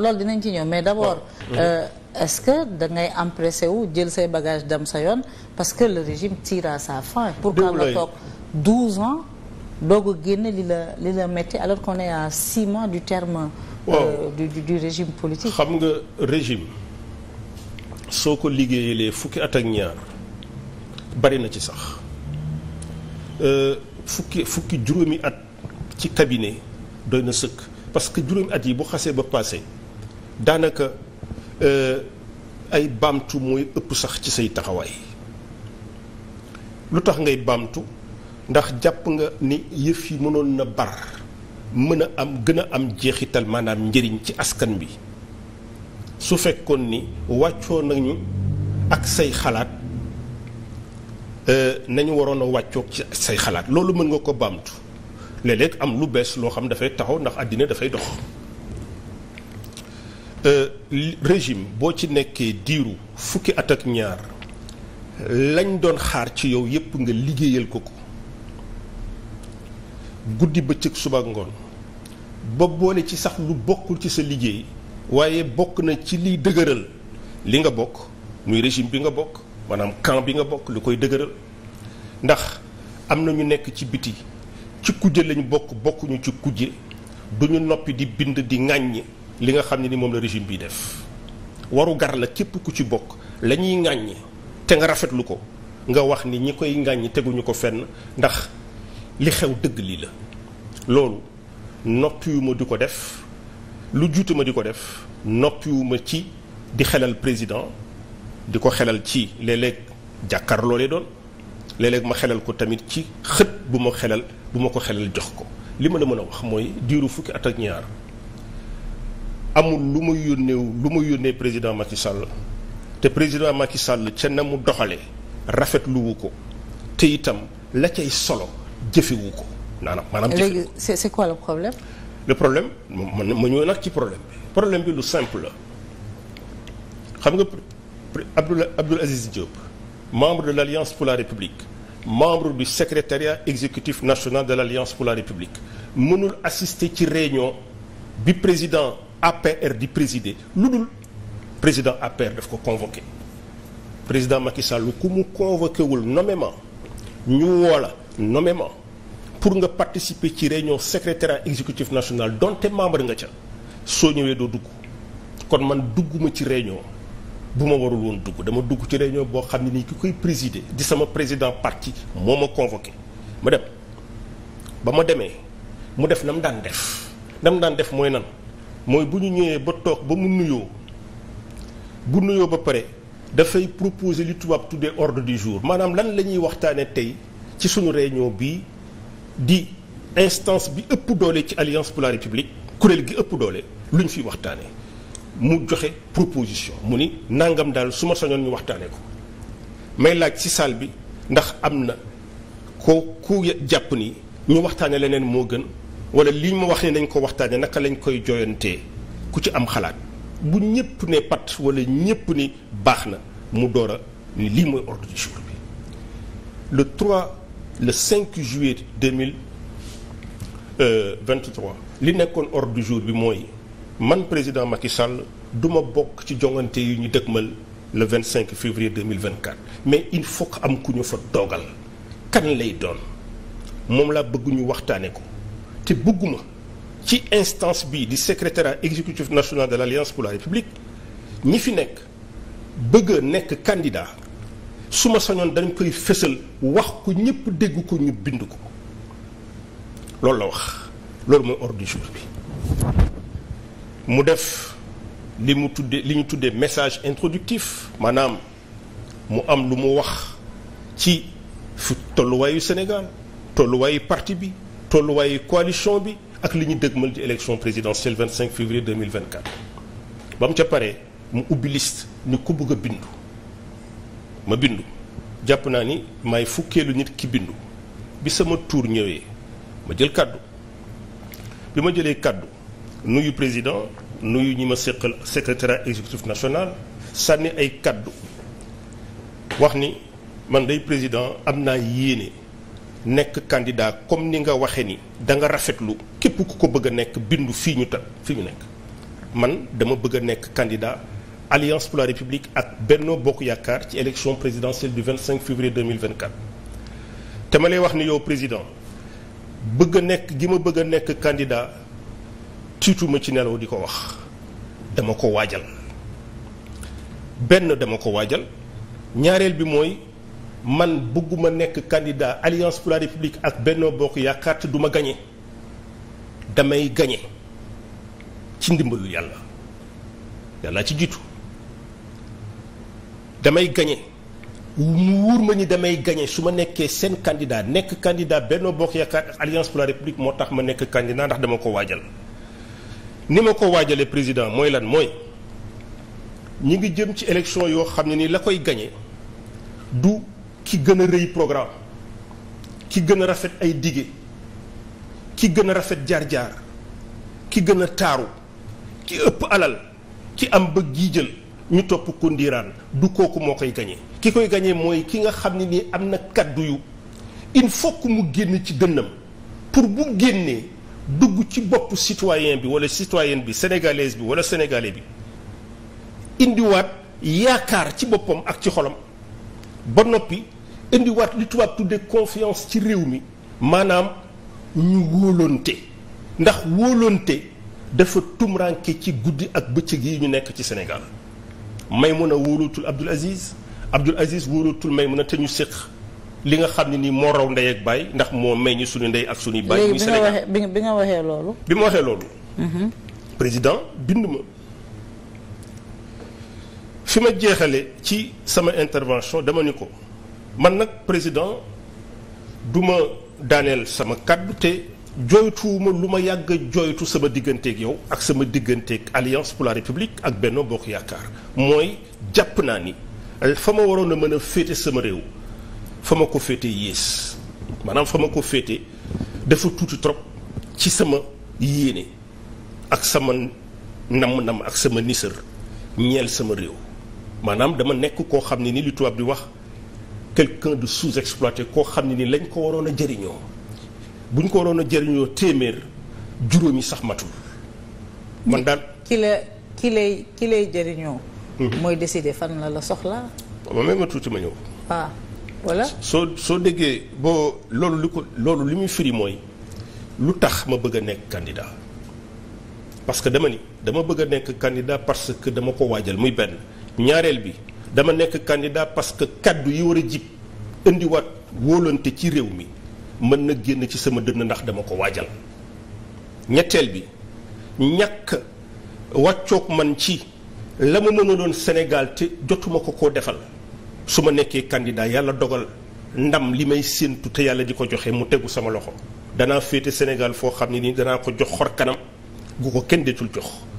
loolu dinañ ci ñëw mais d'abord euh, est-ce que da ngay empressé wu jël say bagage dem sa yoon parce que le régime tire à sa fin pourquoi nga toog 12 ans doog a génn li la li la métti alors qu'on est à 6 mois du terme euh, wow. du, du, du régime politique xam nga régime soo ko liggéeyalee fukki at ak ñaar bari na ci sax euh, fukki fukki juróomi at ci cabinet doy na sëkk parce que juróomi at yi bu xasee ba passé daanaka euh, ay baamtu mooy ëpp sax ci say taxawaay lu tax ngay baamtu ndax jàpp nga ni yëf yi mënoon na bar mën a am gën a am jeexital maanaam njëriñ ci askan bi su fekkoon ni wàccoo nañu ak say xalaat euh, nañu waroon a wàccoog ci say xalaat loolu mën nga ko baamtu léeg am lu bees loo xam dafay taxaw ndax àddina dafay dox Euh, régime boo ci nekkee diiru fukki at ak ñaar lañ doon xaar ci yow yépp nga liggéeyal ko ko guddi bëccëg suba ngoon ba boole ci sax lu bokkul ci sa liggéey waaye bokk na ci liy dëgëral li nga bokk muy régime bi nga bokk maanaam camp bi nga bokk li koy dëgëral ndax am na ñu nekk ci biti ci kujje lañ bokk bokkuñu ci kujje duñu noppi di bind di ŋàññi li nga xam ne ni moom la régime bii def waru gar la képp ku ci bokk lañuy ñuy te nga rafetlu ko nga wax ni ñi koy ŋàññi teguñu ko fenn ndax li xew dëgg lii la loolu noppiwuma di ko def lu juutu ma di ko def noppiwuma ci di xelal président di ko xelal ci léeg-léeg jàkkaarloo doon léeg ma xelal ko tamit ci xët bu ma xelal bu ma ko xelal jox ko li mën a mën a wax mooy diiru fukki at ak ñaar amul lu mu yónnee lu mu yónnee président Macky Sall te président Macky Sall ca na mu doxalee rafetluwu ko te itam la cay solo jëfewu ko naanaam maanaam léegi c'est quoi le problème le problème man ma ñëw nag ci problème bi problème bi lu simple la xam nga Abdoul Abdoul Aziz Diop membre de l'Alliance pour la République membre du secrétariat exécutif national de l'Alliance pour la République mënul assister ci réunion bi président APR di présider lu dul président APR daf ko convoqué président Macky Sall ku mu convoqué wul nommément ñu woo la nommément pour nga participer ci réunion secrétariat exécutif national donte membre nga ca soo ñëwee doo dugg kon man dugg ma ci réunion bu ma warul woon dugg dama dugg ci réunion boo xam ne nii ki koy présider di sama président parti moo ma convoqué ma dem ba ma demee mu def na mu daan def na mu daan def mooy nan mooy bu ñu ñëwee ba toog ba mu nuyoo bu nuyoo ba pare dafay proposer li tubaab tuddee ordre du jour maanaam lan la ñuy waxtaanee tey ci suñu réunion bii di instance bi ëpp doole ci alliance pour la république kuréel gi ëpp doole lu ñu fiy waxtaanee mu joxe proposition mu ni nangam daal su ma soñoon ñu waxtaanee ko may laaj ci salle bi ndax am na ko ku jàpp ni ñu waxtaanee leneen moo gën. wala lii mu wax ne nañ ko waxtaanee naka lañ koy jooyantee ku ci am xalaat bu ñëpp ne pat walla ñëpp ni baax na mu doora a ni lii mooy ordre du jour bi le 3 le juillet euh, li nekkoon ordre du jour bi mooy man président Macky Sall du ma bokk ci jongante yi ñu dëgmal le 25 février 2024 mais il faut que am ku ñu fa doogal kan lay doon moom laa bëgg ñu waxtaanee ko. te bëgguma ci instance bii di secrétariat exécutif national de l'Alliance pour la République ñi fi nekk bëgg nekk candidat su ma sañoon dañ koy fësal wax ko ñëpp dégg ko ñu bind ko loolu la wax loolu mooy ordre du bi mu def li mu tuddee li ñu tuddee message introductif maanaam mu am lu mu wax ci fu tolluwaayu Sénégal tolluwaayu parti bi tolluwaayu coalition bi ak li ñu dëgmal ci élection présidentielle 25 février 2024. ba mu ca paree mu ubbi liste ni ku bëgg a bindu ma bindu jàpp naa ni may fukkeelu nit ki bindu bi sama tour ñëwee ma jël kàddu bi ma jëlee kàddu nuyu président nuyu ñi ma seqal secrétariat exécutif national sànni ay kàddu wax ni man day président am naa yéene. nekk candidat comme ni nga waxee ni da nga rafetlu képp ku ko bëgg a nekk bindu fii ñu ta fi ñu nekk man dama bëgg a nekk candidat alliance pour la république ak benn Bokk Yaakaar ci élection présidentielle du 25 février 2024 te ma lay wax ni yow président bëgg a nekk gi ma bëgg a nekk candidat tiituma ci nelaw di ko wax dama ko waajal benn dama ko waajal ñaareel bi mooy man bëgguma nekk candidat alliance pour la république ak Benno Bokk Yaakaar te du ma gañe damay gañe ci ndimbalu yàlla yàlla ci jiitu damay gañe mu wóor ma ni damay gañe su ma nekkee seen candidat nekk candidat Benno Bokk Yaakaar ak alliance pour la république moo tax ma nekk candidat ndax dama ko waajal ni ma ko waajalee président mooy lan mooy ñu ngi jëm ci élection yoo xam ne ni la koy gañe du ki gën a rëy programme ki gën a rafet ay dige ki gën a rafet jaar-jaar ki gën a taaru ki ëpp alal ki am ba jël ñu topp ko du kooku moo koy gañee ki koy gañee mooy ki nga xam ne nii am na kàddu yu il faut mu génn ci dënnam pour bu génnee dugg ci bopp citoyen bi wala citoyenne bi sénégalaise bi wala sénégalais bi indiwaat yaakaar ci boppam ak ci xolam ba noppi indiwaat li tubaab tuddee confiance ci réew mi maanaam ñu wóolonte ndax wóolonte dafa tumranke ci guddi ak bëccëg yi ñu nekk ci Sénégal may Maymuna wóolootul Abdoul Aziz Abdoul Aziz wóolootul a te ñu séq li nga xam ne nii moo raw ndey ak baay ndax moo may ñi suñu ndey ak suñuy baay muy Sénégal léegi bi nga waxee loolu. bi mu waxee loolu. Mhm. président bind ma. fi ma jeexale ci sama intervention dama ni ko. man nag président du ma daaneel sama kàddu te jooytuwuma lu ma yàgg jooytu sama digganteeg yow ak sama digganteeg alliance pour la république ak Benno Bokk Yaakaar mooy jàpp naa ni euh, fa ma waroon a mën a féete sama réew fa ma ko féete yées maanaam fa ma ko féete dafa tuuti trop ci sama yéene ak sama nam-nam ak sama nisër ñeel sama réew maanaam dama nekk koo xam ne ni li tubaab di wax quelqu'un de sous-exploité koo xam ne ni lañ ko waroon a jëriñoo bu ñu ko waroon a jëriñoo téeméer juróomi sax matul man daal ki la ki lay ki lay jëriñoo mhm. mooy décider fan la la soxla ma may ma tuuti ma ñëw waaw ah, voilà soo soo déggee boo loolu li ko loolu lu muy firi mooy lu tax ma bëgg a nekk candidat parce que dama ni dama bëgg a nekk candidat parce que dama ko waajal muy benn ñaareel bi dama nekk candidat parce que kaddu yi war a jib indiwaat wóolante ci réew mi mën na génn ci sama dënn ndax dama ko waajal ñetteel bi ñàkk wàccoog man ci la ma doon Sénégal te jotuma ko koo defal su ma nekkee candidat yàlla dogal ndam li may séentu te yàlla di ko joxe mu tegu sama loxo danaa féete Sénégal foo xam ne nii danaa ko jox xor kanam gu ko kenn deetul jox